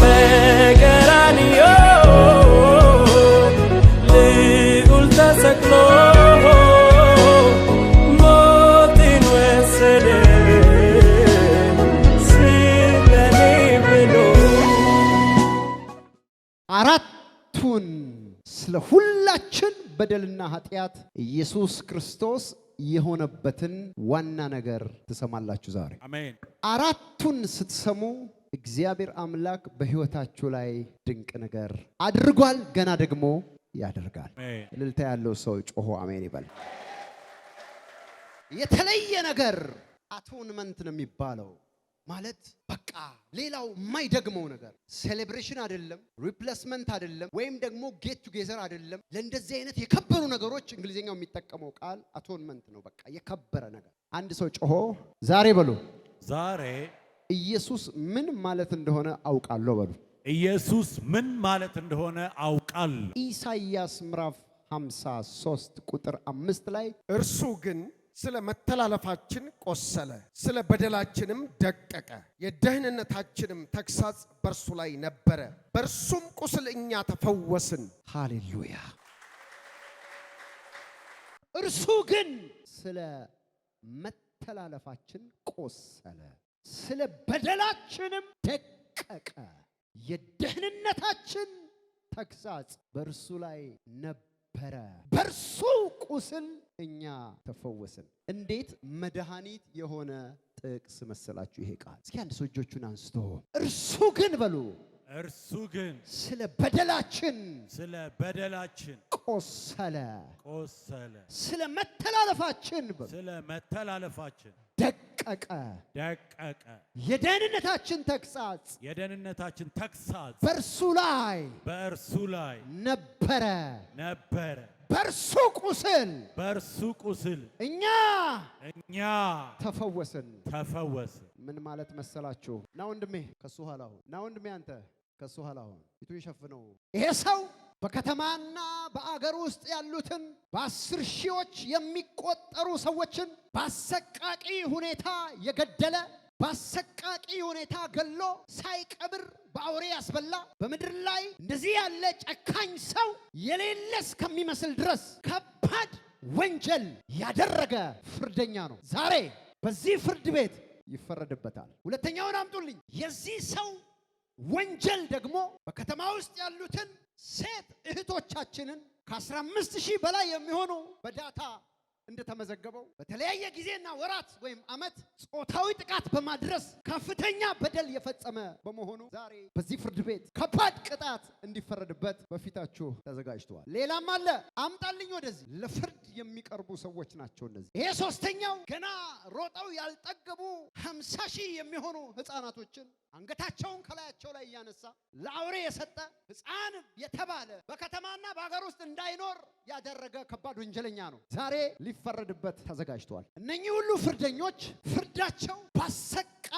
በቀራንዮ ልዑል ተሰቅሎ ሞትን ወሰደ ስለኔ ብሎ አራቱን ስለ ሁላችን በደልና ኃጢአት ኢየሱስ ክርስቶስ የሆነበትን ዋና ነገር ትሰማላችሁ ዛሬ። አራቱን ስትሰሙ እግዚአብሔር አምላክ በህይወታችሁ ላይ ድንቅ ነገር አድርጓል፣ ገና ደግሞ ያደርጋል። እልልታ ያለው ሰው ጮሆ አሜን ይበል። የተለየ ነገር አቶንመንት ነው የሚባለው። ማለት በቃ ሌላው የማይደግመው ነገር ሴሌብሬሽን አይደለም፣ ሪፕሌስመንት አይደለም፣ ወይም ደግሞ ጌት ቱጌዘር አይደለም። ለእንደዚህ አይነት የከበሩ ነገሮች እንግሊዝኛው የሚጠቀመው ቃል አቶንመንት ነው። በቃ የከበረ ነገር። አንድ ሰው ጮሆ ዛሬ በሉ ዛሬ ኢየሱስ ምን ማለት እንደሆነ አውቃለሁ በሉ። ኢየሱስ ምን ማለት እንደሆነ አውቃለሁ። ኢሳይያስ ምዕራፍ 53 ቁጥር አምስት ላይ እርሱ ግን ስለ መተላለፋችን ቆሰለ፣ ስለ በደላችንም ደቀቀ፣ የደህንነታችንም ተግሳጽ በእርሱ ላይ ነበረ፣ በእርሱም ቁስል እኛ ተፈወስን። ሃሌሉያ። እርሱ ግን ስለ መተላለፋችን ቆሰለ ስለ በደላችንም ደቀቀ፣ የደህንነታችን ተግሳጽ በእርሱ ላይ ነበረ፣ በእርሱ ቁስል እኛ ተፈወስን። እንዴት መድኃኒት የሆነ ጥቅስ መሰላችሁ ይሄ ቃል! እስኪ አንድ ሰው እጆቹን አንስቶ እርሱ ግን በሉ እርሱ ግን ስለ በደላችን ስለ በደላችን ቆሰለ ቆሰለ፣ ስለ መተላለፋችን ስለ መተላለፋችን ደግ ደቀቀ ደቀቀ። የደህንነታችን ተግሳጽ የደህንነታችን ተግሳጽ በእርሱ ላይ በእርሱ ላይ ነበረ ነበረ። በእርሱ ቁስል በእርሱ ቁስል እኛ እኛ ተፈወስን ተፈወስን። ምን ማለት መሰላችሁ? ና ወንድሜ ከሱ ኋላ ሁን። ና ወንድሜ አንተ ከሱ ኋላ ሁን። ፊቱን ሸፍነው ይሄ ሰው በከተማና በአገር ውስጥ ያሉትን በአስር ሺዎች የሚቆጠሩ ሰዎችን በአሰቃቂ ሁኔታ የገደለ በአሰቃቂ ሁኔታ ገሎ ሳይቀብር በአውሬ ያስበላ በምድር ላይ እንደዚህ ያለ ጨካኝ ሰው የሌለ እስከሚመስል ድረስ ከባድ ወንጀል ያደረገ ፍርደኛ ነው። ዛሬ በዚህ ፍርድ ቤት ይፈረድበታል። ሁለተኛውን አምጡልኝ። የዚህ ሰው ወንጀል ደግሞ በከተማ ውስጥ ያሉትን ሴት እህቶቻችንን ከ15 ሺህ በላይ የሚሆኑ በዳታ እንደተመዘገበው በተለያየ ጊዜና ወራት ወይም ዓመት ጾታዊ ጥቃት በማድረስ ከፍተኛ በደል የፈጸመ በመሆኑ ዛሬ በዚህ ፍርድ ቤት ከባድ ቅጣት እንዲፈረድበት በፊታችሁ ተዘጋጅተዋል። ሌላም አለ፣ አምጣልኝ ወደዚህ። ለፍርድ የሚቀርቡ ሰዎች ናቸው እነዚህ። ይሄ ሶስተኛው ገና ሮጠው ያልጠገቡ 50 ሺህ የሚሆኑ ህፃናቶችን አንገታቸውን ከላያቸው ላይ እያነሳ ለአውሬ የሰጠ ሕፃን የተባለ በከተማና በሀገር ውስጥ እንዳይኖር ያደረገ ከባድ ወንጀለኛ ነው። ዛሬ ሊፈረድበት ተዘጋጅተዋል። እነኚህ ሁሉ ፍርደኞች ፍርዳቸው በአሰቃቂ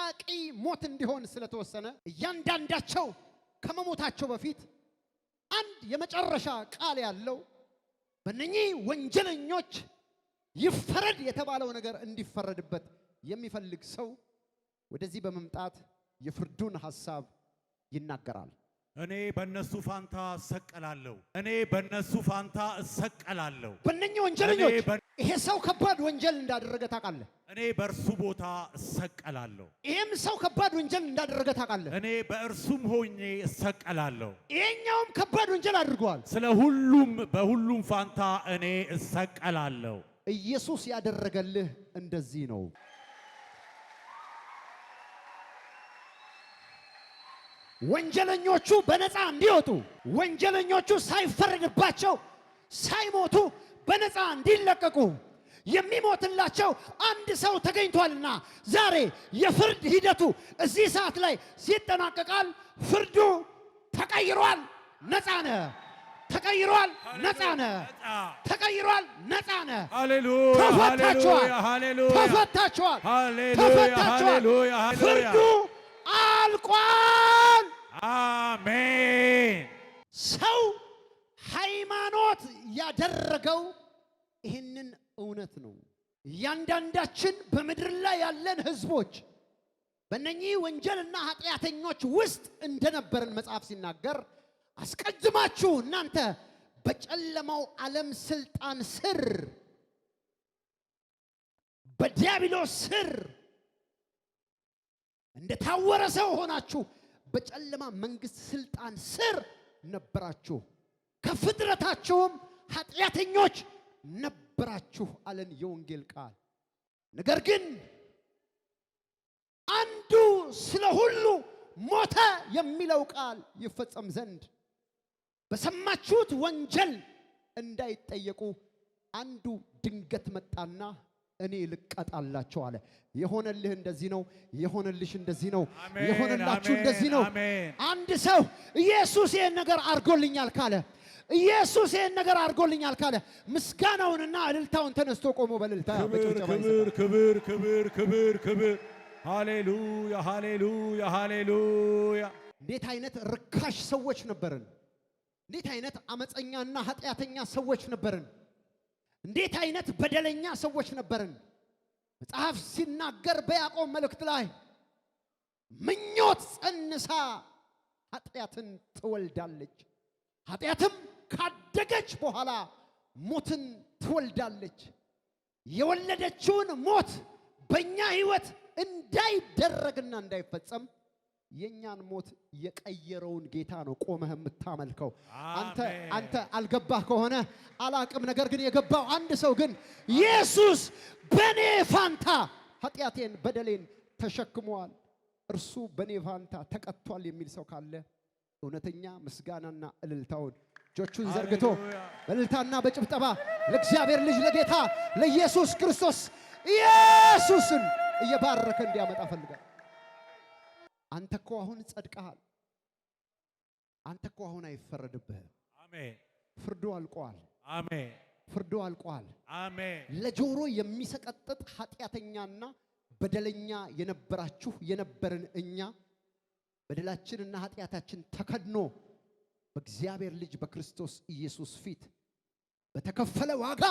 ሞት እንዲሆን ስለተወሰነ እያንዳንዳቸው ከመሞታቸው በፊት አንድ የመጨረሻ ቃል ያለው በእነኚህ ወንጀለኞች ይፈረድ የተባለው ነገር እንዲፈረድበት የሚፈልግ ሰው ወደዚህ በመምጣት የፍርዱን ሐሳብ ይናገራል። እኔ በነሱ ፋንታ እሰቀላለሁ። እኔ በነሱ ፋንታ እሰቀላለሁ። በእነኚህ ወንጀለኞች ይሄ ሰው ከባድ ወንጀል እንዳደረገ ታውቃለህ። እኔ በእርሱ ቦታ እሰቀላለሁ። ይሄም ሰው ከባድ ወንጀል እንዳደረገ ታውቃለህ። እኔ በእርሱም ሆኜ እሰቀላለሁ። ይሄኛውም ከባድ ወንጀል አድርገዋል። ስለ ሁሉም በሁሉም ፋንታ እኔ እሰቀላለሁ። ኢየሱስ ያደረገልህ እንደዚህ ነው። ወንጀለኞቹ በነፃ እንዲወጡ ወንጀለኞቹ ሳይፈረድባቸው ሳይሞቱ በነፃ እንዲለቀቁ የሚሞትላቸው አንድ ሰው ተገኝቷልና ዛሬ የፍርድ ሂደቱ እዚህ ሰዓት ላይ ይጠናቀቃል። ፍርዱ ተቀይሯል፣ ነፃ ነህ። ተቀይሯል፣ ነፃ ተቀይሯል፣ ነፃ ነህ። ተፈታችኋል፣ ተፈታችኋል፣ ተፈታችኋል። ፍርዱ አልቋል። አሜን። ሰው ሃይማኖት ያደረገው ይህንን እውነት ነው። እያንዳንዳችን በምድር ላይ ያለን ህዝቦች በእነኚህ ወንጀልና ኃጢአተኞች ውስጥ እንደነበርን መጽሐፍ ሲናገር አስቀድማችሁ እናንተ በጨለማው ዓለም ስልጣን ስር በዲያብሎስ ስር እንደታወረ ሰው ሆናችሁ በጨለማ መንግስት ስልጣን ስር ነበራችሁ፣ ከፍጥረታችሁም ኃጢአተኞች ነበራችሁ አለን የወንጌል ቃል። ነገር ግን አንዱ ስለ ሁሉ ሞተ የሚለው ቃል ይፈጸም ዘንድ በሰማችሁት ወንጀል እንዳይጠየቁ አንዱ ድንገት መጣና እኔ ልቀጣላቸው አለ። የሆነልህ እንደዚህ ነው። የሆነልሽ እንደዚህ ነው። የሆነላችሁ እንደዚህ ነው። አንድ ሰው ኢየሱስ ይህን ነገር አድርጎልኛል ካለ ኢየሱስ ይህን ነገር አድርጎልኛል ካለ ምስጋናውንና እልልታውን ተነስቶ ቆሞ በልልታ ክብር ክብር ክብር ክብር ክብር ሃሌሉያ ሃሌሉያ ሃሌሉያ። እንዴት አይነት ርካሽ ሰዎች ነበርን! እንዴት አይነት አመፀኛና ኃጢአተኛ ሰዎች ነበርን! እንዴት አይነት በደለኛ ሰዎች ነበርን። መጽሐፍ ሲናገር በያዕቆብ መልእክት ላይ ምኞት ጸንሳ ኃጢአትን ትወልዳለች፣ ኃጢአትም ካደገች በኋላ ሞትን ትወልዳለች። የወለደችውን ሞት በእኛ ሕይወት እንዳይደረግና እንዳይፈጸም የእኛን ሞት የቀየረውን ጌታ ነው ቆመህ የምታመልከው። አንተ አንተ አልገባህ ከሆነ አላቅም። ነገር ግን የገባው አንድ ሰው ግን ኢየሱስ በኔ ፋንታ ኃጢአቴን በደሌን ተሸክሟል፣ እርሱ በኔ ፋንታ ተቀጥቷል የሚል ሰው ካለ እውነተኛ ምስጋናና እልልታውን እጆቹን ዘርግቶ በእልልታና በጭብጠባ ለእግዚአብሔር ልጅ ለጌታ ለኢየሱስ ክርስቶስ ኢየሱስን እየባረከ እንዲያመጣ ፈልጋል። አንተ እኮ አሁን ጸድቀሃል። አንተ እኮ አሁን አይፈረድብህም። አሜን። ፍርዱ አልቋል። አሜን። ፍርዱ አልቋል። አሜን። ለጆሮ የሚሰቀጥጥ ኃጢአተኛና በደለኛ የነበራችሁ የነበርን እኛ በደላችንና ኃጢአታችን ተከድኖ በእግዚአብሔር ልጅ በክርስቶስ ኢየሱስ ፊት በተከፈለ ዋጋ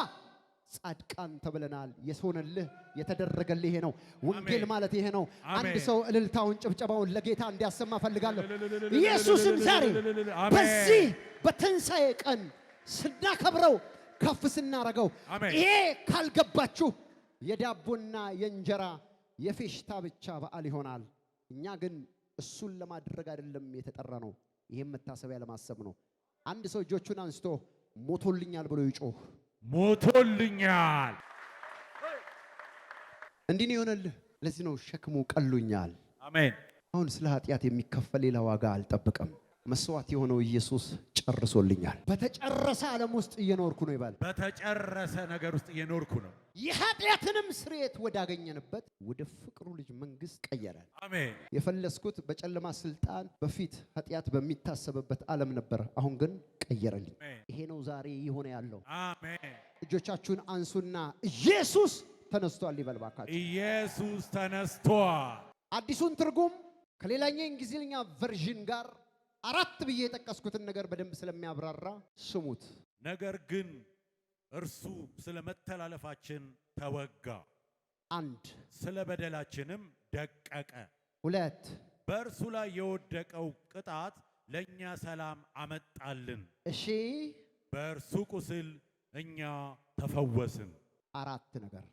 ጻድቃን ተብለናል። የሆነልህ የተደረገልህ ይሄ ነው። ወንጌል ማለት ይሄ ነው። አንድ ሰው እልልታውን ጭብጨባውን ለጌታ እንዲያሰማ ፈልጋለሁ። ኢየሱስን ዛሬ በዚህ በትንሣኤ ቀን ስናከብረው ከፍ ስናረገው ይሄ ካልገባችሁ የዳቦና የእንጀራ የፌሽታ ብቻ በዓል ይሆናል። እኛ ግን እሱን ለማድረግ አይደለም የተጠራ ነው። ይሄም መታሰቢያ ለማሰብ ነው። አንድ ሰው እጆቹን አንስቶ ሞቶልኛል ብሎ ይጮህ ሞቶልኛል። እንዲህ ነው የሆነልህ። ለዚህ ነው ሸክሙ ቀሎኛል። አሜን። አሁን ስለ ኃጢአት የሚከፈል ሌላ ዋጋ አልጠብቅም። መስዋዕት የሆነው ኢየሱስ ጨርሶልኛል። በተጨረሰ ዓለም ውስጥ እየኖርኩ ነው ይባል። በተጨረሰ ነገር ውስጥ እየኖርኩ ነው። የኃጢአትንም ስርየት ወዳገኘንበት ወደ ፍቅሩ ልጅ መንግስት ቀየረን። አሜን። የፈለስኩት በጨለማ ስልጣን በፊት ኃጢአት በሚታሰብበት ዓለም ነበር። አሁን ግን ቀየረልኝ። ይሄ ነው ዛሬ የሆነ ያለው። አሜን። እጆቻችሁን አንሱና ኢየሱስ ተነስቷል ይበል ባካችሁ። ኢየሱስ ተነስቷል። አዲሱን ትርጉም ከሌላኛው እንግሊዝኛ ቨርዥን ጋር አራት ብዬ የጠቀስኩትን ነገር በደንብ ስለሚያብራራ ስሙት። ነገር ግን እርሱ ስለ መተላለፋችን ተወጋ፣ አንድ ስለ በደላችንም ደቀቀ፣ ሁለት በእርሱ ላይ የወደቀው ቅጣት ለእኛ ሰላም አመጣልን። እሺ በእርሱ ቁስል እኛ ተፈወስን። አራት ነገር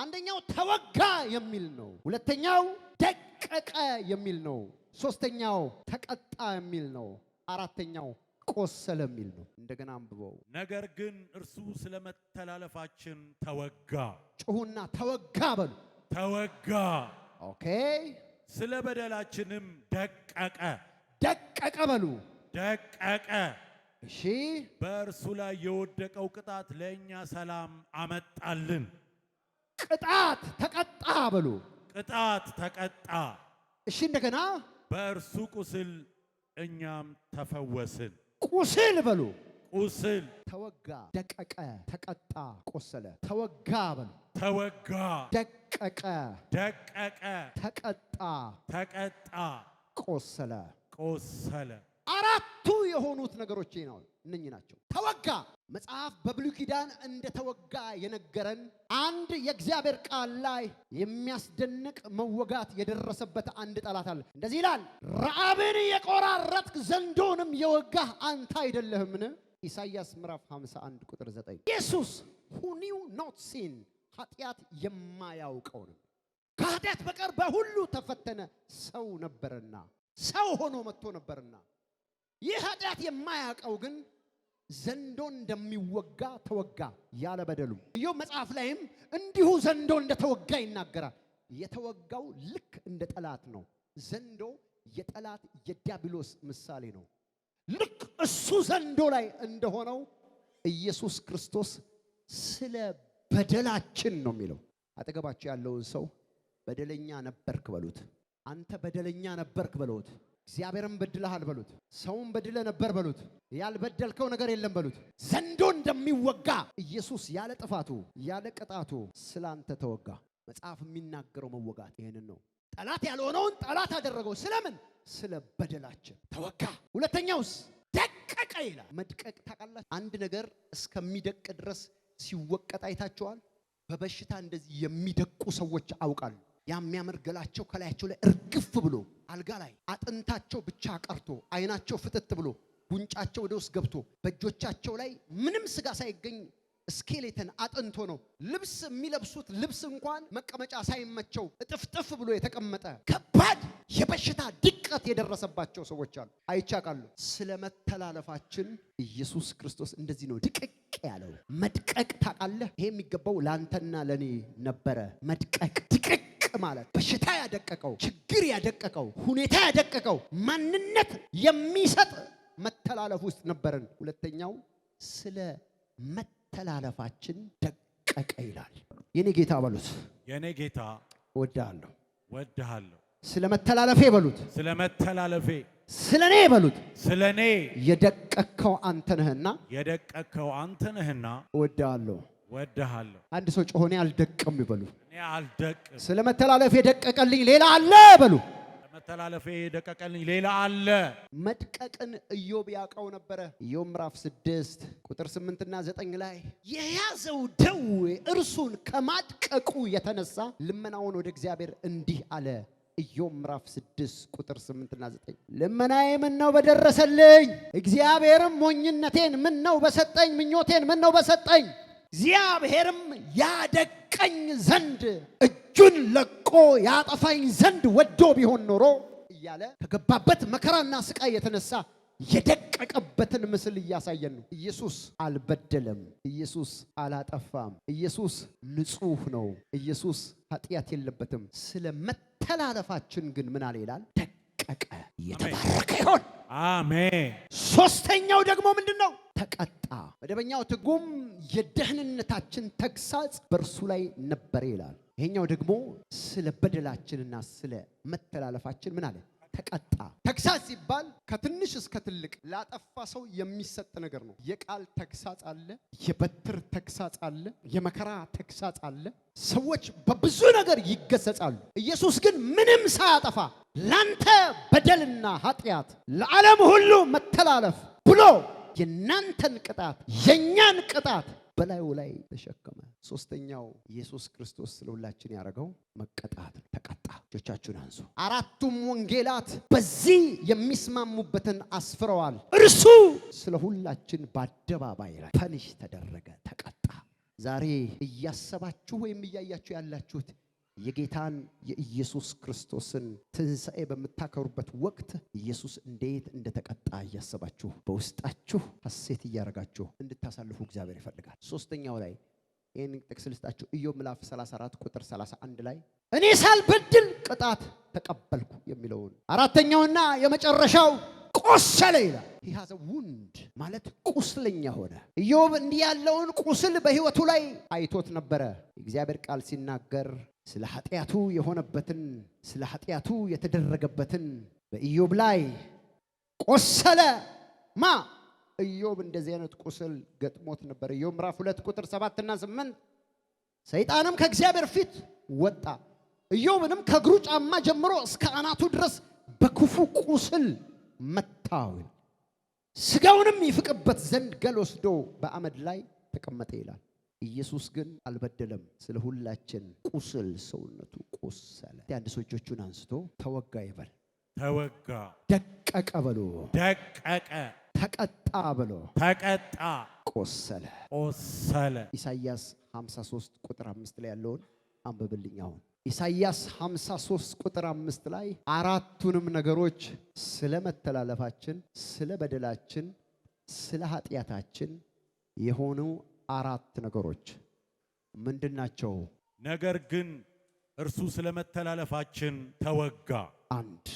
አንደኛው ተወጋ የሚል ነው። ሁለተኛው ደቀ ደቀቀ የሚል ነው። ሶስተኛው ተቀጣ የሚል ነው። አራተኛው ቆሰለ የሚል ነው። እንደገና አንብበው። ነገር ግን እርሱ ስለ መተላለፋችን ተወጋ። ጩሁና ተወጋ በሉ። ተወጋ። ኦኬ። ስለ በደላችንም ደቀቀ። ደቀቀ በሉ። ደቀቀ። እሺ። በእርሱ ላይ የወደቀው ቅጣት ለእኛ ሰላም አመጣልን። ቅጣት ተቀጣ በሉ ቅጣት ተቀጣ። እሺ፣ እንደገና በእርሱ ቁስል እኛም ተፈወስን። ቁስል በሉ ቁስል ተወጋ፣ ደቀቀ፣ ተቀጣ፣ ቆሰለ። ተወጋ በሉ ተወጋ፣ ደቀቀ፣ ደቀቀ፣ ተቀጣ፣ ተቀጣ፣ ቆሰለ፣ ቆሰለ። አራቱ የሆኑት ነገሮች ነው እነኚህ ናቸው። ተወጋ መጽሐፍ በብሉይ ኪዳን እንደተወጋ የነገረን አንድ የእግዚአብሔር ቃል ላይ የሚያስደንቅ መወጋት የደረሰበት አንድ ጠላት አለ። እንደዚህ ይላል፣ ረአብን የቆራረጥክ ዘንዶንም የወጋህ አንተ አይደለህምን? ኢሳይያስ ምዕራፍ 51 ቁጥር 9 ኢየሱስ who knew not ኃጢአት የማያውቀው ነው። ከኃጢአት በቀር በሁሉ ተፈተነ ሰው ነበርና ሰው ሆኖ መጥቶ ነበርና ይህ ኃጢአት የማያውቀው ግን ዘንዶ እንደሚወጋ ተወጋ ያለ በደሉ። ኢዮብ መጽሐፍ ላይም እንዲሁ ዘንዶ እንደተወጋ ይናገራል። የተወጋው ልክ እንደ ጠላት ነው። ዘንዶ የጠላት የዲያብሎስ ምሳሌ ነው። ልክ እሱ ዘንዶ ላይ እንደሆነው ኢየሱስ ክርስቶስ ስለ በደላችን ነው የሚለው። አጠገባቸው ያለውን ሰው በደለኛ ነበርክ በሉት። አንተ በደለኛ ነበርክ በሉት። እግዚአብሔርን በድለሃል በሉት። ሰውን በድለ ነበር በሉት። ያልበደልከው ነገር የለም በሉት። ዘንዶ እንደሚወጋ ኢየሱስ ያለ ጥፋቱ ያለ ቅጣቱ ስላንተ ተወጋ። መጽሐፍ የሚናገረው መወጋት ይሄንን ነው። ጠላት ያልሆነውን ጠላት አደረገው። ስለምን? ስለ በደላችን ተወጋ። ሁለተኛውስ ደቀቀ ይላል። መድቀቅ ታውቃላችሁ? አንድ ነገር እስከሚደቅ ድረስ ሲወቀጥ አይታችኋል? በበሽታ እንደዚህ የሚደቁ ሰዎች አውቃሉ። የሚያምር ገላቸው ከላያቸው ላይ እርግፍ ብሎ አልጋ ላይ አጥንታቸው ብቻ ቀርቶ አይናቸው ፍጥጥ ብሎ ጉንጫቸው ወደ ውስጥ ገብቶ በእጆቻቸው ላይ ምንም ስጋ ሳይገኝ ስኬሌተን አጥንቶ ነው። ልብስ የሚለብሱት ልብስ እንኳን መቀመጫ ሳይመቸው እጥፍጥፍ ብሎ የተቀመጠ ከባድ የበሽታ ድቀት የደረሰባቸው ሰዎች አሉ። አይቻቃሉ። ስለ መተላለፋችን ኢየሱስ ክርስቶስ እንደዚህ ነው ድቅቅ ያለው። መድቀቅ ታውቃለህ? ይሄ የሚገባው ለአንተና ለእኔ ነበረ። መድቀቅ ድቅቅ ደቅ ማለት በሽታ ያደቀቀው፣ ችግር ያደቀቀው፣ ሁኔታ ያደቀቀው ማንነት የሚሰጥ መተላለፍ ውስጥ ነበርን። ሁለተኛው ስለ መተላለፋችን ደቀቀ ይላል። የኔ ጌታ በሉት፣ የኔ ጌታ ወድሃለሁ፣ ወድሃለሁ። ስለ መተላለፌ በሉት፣ ስለ መተላለፌ ስለ እኔ በሉት፣ ስለ እኔ የደቀከው አንተ ነህና፣ የደቀከው አንተ ነህና ወድሃለሁ ወደሃለሁ። አንድ ሰው ጮሆኔ አልደቅም ይበሉ። እኔ አልደቅም። ስለ መተላለፌ የደቀቀልኝ ሌላ አለ በሉ። መተላለፌ የደቀቀልኝ ሌላ አለ። መድቀቅን ኢዮብ ያውቀው ነበረ። ኢዮብ ምዕራፍ ስድስት ቁጥር ስምንትና ዘጠኝ ላይ የያዘው ደዌ እርሱን ከማድቀቁ የተነሳ ልመናውን ወደ እግዚአብሔር እንዲህ አለ። ኢዮብ ምዕራፍ ስድስት ቁጥር ስምንትና ዘጠኝ ልመናዬ ምን ነው በደረሰልኝ፣ እግዚአብሔርም ሞኝነቴን ምን ነው በሰጠኝ፣ ምኞቴን ምን ነው በሰጠኝ እግዚአብሔርም ያደቀኝ ዘንድ እጁን ለቆ ያጠፋኝ ዘንድ ወዶ ቢሆን ኖሮ እያለ ከገባበት መከራና ስቃይ የተነሳ የደቀቀበትን ምስል እያሳየን ነው። ኢየሱስ አልበደለም። ኢየሱስ አላጠፋም። ኢየሱስ ንጹሕ ነው። ኢየሱስ ኃጢአት የለበትም። ስለ መተላለፋችን ግን ምን አለ ይላል? ደቀቀ። እየተባረከ ይሆን። አሜን። ሶስተኛው ደግሞ ምንድን ነው? ተቀጣ። መደበኛው ትርጉም የደህንነታችን ተግሳጽ በእርሱ ላይ ነበረ ይላል። ይሄኛው ደግሞ ስለ በደላችንና ስለ መተላለፋችን ምን አለ? ተቀጣ። ተግሳጽ ሲባል ከትንሽ እስከ ትልቅ ላጠፋ ሰው የሚሰጥ ነገር ነው። የቃል ተግሳጽ አለ፣ የበትር ተግሳጽ አለ፣ የመከራ ተግሳጽ አለ። ሰዎች በብዙ ነገር ይገሰጻሉ። ኢየሱስ ግን ምንም ሳያጠፋ ላንተ በደልና ኃጢአት ለዓለም ሁሉ መተላለፍ ብሎ የእናንተን ቅጣት የእኛን ቅጣት በላዩ ላይ ተሸከመ። ሶስተኛው ኢየሱስ ክርስቶስ ስለሁላችን ያደረገው መቀጣት ተቀጣ። እጆቻችሁን አንሱ። አራቱም ወንጌላት በዚህ የሚስማሙበትን አስፍረዋል። እርሱ ስለሁላችን በአደባባይ ላይ ፈንሽ ተደረገ፣ ተቀጣ። ዛሬ እያሰባችሁ ወይም እያያችሁ ያላችሁት የጌታን የኢየሱስ ክርስቶስን ትንሣኤ በምታከብሩበት ወቅት ኢየሱስ እንዴት እንደተቀጣ እያሰባችሁ በውስጣችሁ ሐሴት እያደረጋችሁ እንድታሳልፉ እግዚአብሔር ይፈልጋል። ሶስተኛው ላይ ይህን ጥቅስ ልስጣችሁ። ኢዮብ ምዕራፍ 34 ቁጥር 31 ላይ እኔ ሳልበድል ቅጣት ተቀበልኩ የሚለውን አራተኛውና የመጨረሻው ቆሰለ ይላል። ሂሃዘ ውንድ ማለት ቁስለኛ ሆነ። ኢዮብ እንዲህ ያለውን ቁስል በሕይወቱ ላይ አይቶት ነበረ። እግዚአብሔር ቃል ሲናገር ስለ ኃጢአቱ የሆነበትን ስለ ኃጢአቱ የተደረገበትን በኢዮብ ላይ ቆሰለ። ማ ኢዮብ እንደዚህ አይነት ቁስል ገጥሞት ነበር። ኢዮብ ምዕራፍ ሁለት ቁጥር ሰባትና ስምንት ሰይጣንም ከእግዚአብሔር ፊት ወጣ፣ ኢዮብንም ከእግሩ ጫማ ጀምሮ እስከ አናቱ ድረስ በክፉ ቁስል መታው፣ ስጋውንም ይፍቅበት ዘንድ ገል ወስዶ በአመድ ላይ ተቀመጠ ይላል። ኢየሱስ ግን አልበደለም። ስለ ሁላችን ቁስል ሰውነቱ ቆሰለ። አንድ ሰው እጆቹን አንስቶ ተወጋ ይበል። ተወጋ፣ ደቀቀ በሎ፣ ደቀቀ፣ ተቀጣ በሎ፣ ተቀጣ፣ ቆሰለ፣ ቆሰለ። ኢሳይያስ 53 ቁጥር 5 ላይ ያለውን አንብብልኝ አሁን ኢሳይያስ 53 ቁጥር አምስት ላይ አራቱንም ነገሮች ስለ መተላለፋችን፣ ስለ በደላችን፣ ስለ ኃጢአታችን የሆኑ አራት ነገሮች ምንድን ናቸው? ነገር ግን እርሱ ስለ መተላለፋችን ተወጋ፣ አንድ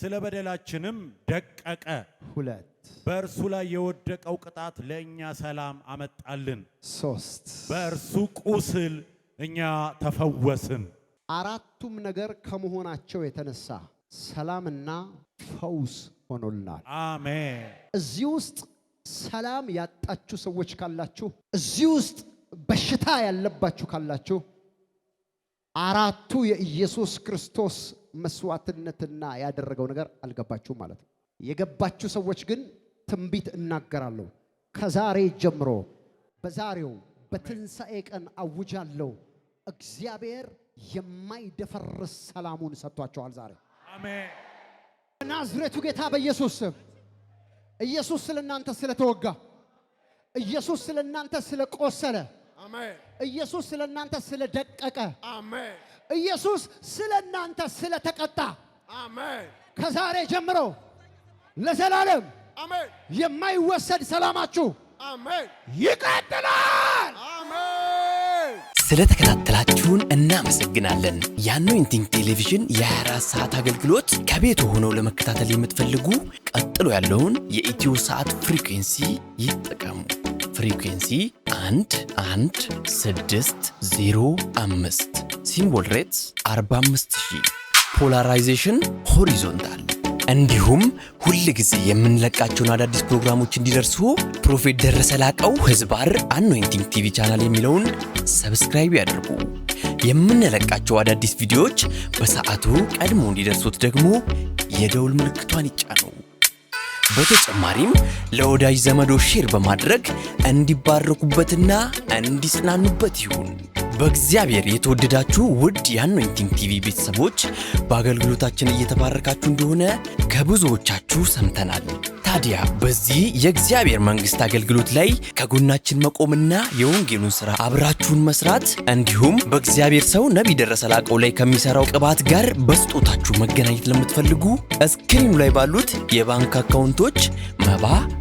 ስለ በደላችንም ደቀቀ፣ ሁለት በእርሱ ላይ የወደቀው ቅጣት ለእኛ ሰላም አመጣልን፣ ሶስት በእርሱ ቁስል እኛ ተፈወስን። አራቱም ነገር ከመሆናቸው የተነሳ ሰላምና ፈውስ ሆኖልናል። አሜን። እዚህ ውስጥ ሰላም ያጣችሁ ሰዎች ካላችሁ፣ እዚህ ውስጥ በሽታ ያለባችሁ ካላችሁ አራቱ የኢየሱስ ክርስቶስ መስዋዕትነትና ያደረገው ነገር አልገባችሁም ማለት ነው። የገባችሁ ሰዎች ግን ትንቢት እናገራለሁ። ከዛሬ ጀምሮ በዛሬው በትንሣኤ ቀን አውጃለሁ። እግዚአብሔር የማይደፈርስ ሰላሙን ሰጥቷቸዋል። ዛሬ አሜን። ናዝሬቱ ጌታ በኢየሱስ ስም ኢየሱስ ስለ እናንተ ስለተወጋ፣ ኢየሱስ ስለ እናንተ ስለቆሰለ፣ ኢየሱስ ስለ እናንተ ስለደቀቀ፣ ኢየሱስ ስለ እናንተ ስለተቀጣ ከዛሬ ጀምሮ ለዘላለም የማይወሰድ ሰላማችሁ ይቀጥላል። ስለተከታተላችሁን እናመሰግናለን። የአኖይንቲንግ ቴሌቪዥን የ24 ሰዓት አገልግሎት ከቤቱ ሆነው ለመከታተል የምትፈልጉ ቀጥሎ ያለውን የኢትዮ ሰዓት ፍሪኩንሲ ይጠቀሙ። ፍሪኩንሲ 1 1 6 05 ሲምቦል ሬትስ 45000 ፖላራይዜሽን ሆሪዞንታል እንዲሁም ሁል ጊዜ የምንለቃቸውን አዳዲስ ፕሮግራሞች እንዲደርሱ ፕሮፌት ደረሰ ላቀው ህዝባር አኖይንቲንግ ቲቪ ቻናል የሚለውን ሰብስክራይብ ያድርጉ። የምንለቃቸው አዳዲስ ቪዲዮዎች በሰዓቱ ቀድሞ እንዲደርሱት ደግሞ የደውል ምልክቷን ይጫኑ። በተጨማሪም ለወዳጅ ዘመዶ ሼር በማድረግ እንዲባረኩበትና እንዲጽናኑበት ይሁን። በእግዚአብሔር የተወደዳችሁ ውድ የአኖይንቲንግ ቲቪ ቤተሰቦች በአገልግሎታችን እየተባረካችሁ እንደሆነ ከብዙዎቻችሁ ሰምተናል። ታዲያ በዚህ የእግዚአብሔር መንግሥት አገልግሎት ላይ ከጎናችን መቆምና የወንጌሉን ሥራ አብራችሁን መስራት እንዲሁም በእግዚአብሔር ሰው ነቢይ ደረሰ ላቀው ላይ ከሚሠራው ቅባት ጋር በስጦታችሁ መገናኘት ለምትፈልጉ እስክሪኑ ላይ ባሉት የባንክ አካውንቶች መባ